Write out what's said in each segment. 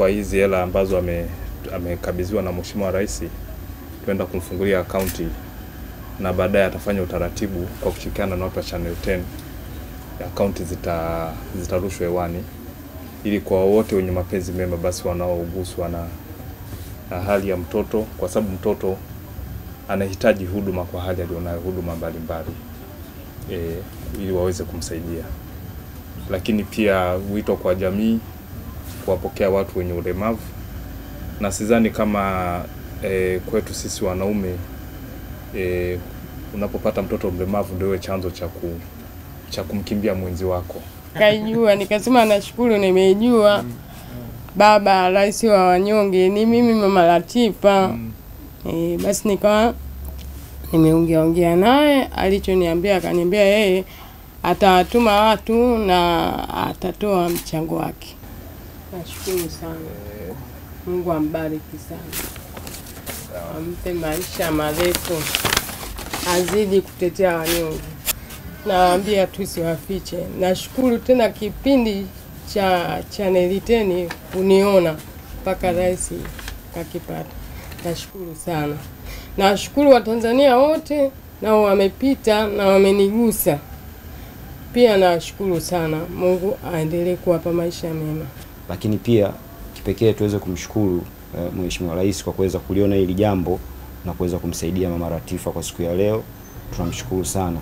kwa hizi hela ambazo ame, na Mheshimiwa Rais, tuenda kumfungulia akaunti na baadaye atafanya utaratibu kwa kushirikiana na watu wa Channel 10 akaunti zita zitarushwa hewani ili kwa wote wenye mapenzi mema basi wanaoguswa na, na hali ya mtoto, kwa sababu mtoto anahitaji huduma kwa hali alionayo, huduma mbalimbali e, ili waweze kumsaidia. Lakini pia wito kwa jamii kuwapokea watu wenye ulemavu, na sidhani kama e, kwetu sisi wanaume e, unapopata mtoto mlemavu ndio chanzo cha ku, cha kumkimbia mwenzi wako. Kaijua nikasema nashukuru, nimejua mm. Baba Rais wa wanyonge ni mimi Mama Latifa mm. E, basi nikawa nimeongeaongea naye, alichoniambia akaniambia yeye atawatuma watu na atatoa mchango wake. Nashukuru sana eh. Mungu ambariki sana ampe maisha marefu, azidi kutetea wanyonge. Nawaambia tusiwafiche. Nashukuru tena kipindi cha chaneli teni kuniona mpaka rais kakipata. Nashukuru sana, nashukuru Watanzania wote nao wamepita na wamenigusa pia. Nashukuru sana, Mungu aendelee kuwapa maisha mema lakini pia kipekee tuweze kumshukuru e, Mheshimiwa Rais kwa kuweza kuliona hili jambo na kuweza kumsaidia Mama Latifa kwa siku ya leo, tunamshukuru sana.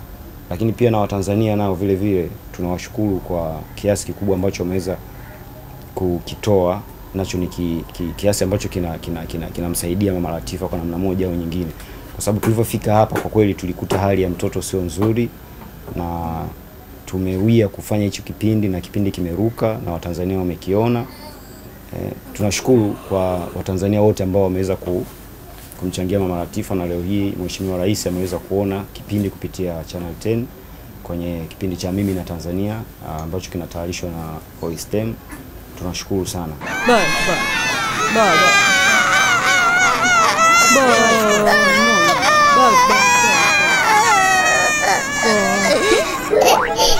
Lakini pia na Watanzania nao vile vile tunawashukuru kwa kiasi kikubwa ambacho wameweza kukitoa nacho ni ki, ki, kiasi ambacho kinamsaidia kina, kina, kina Mama Latifa kwa namna moja au nyingine, kwa sababu tulivyofika hapa kwa kweli tulikuta hali ya mtoto sio nzuri na tumewia kufanya hicho kipindi na kipindi kimeruka na Watanzania wamekiona. E, tunashukuru kwa Watanzania wote ambao wameweza ku, kumchangia Mama Latifa na leo hii Mheshimiwa Rais ameweza kuona kipindi kupitia Channel 10 kwenye kipindi cha Mimi na Tanzania ah, ambacho kinatayarishwa na OISTEM. Tunashukuru sana. Bye, bye. Bye, bye.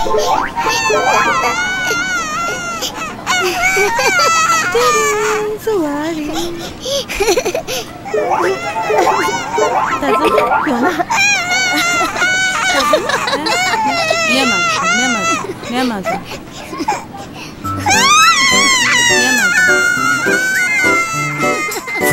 太脏了！太脏了！太脏了！你干嘛？你干嘛？你干嘛？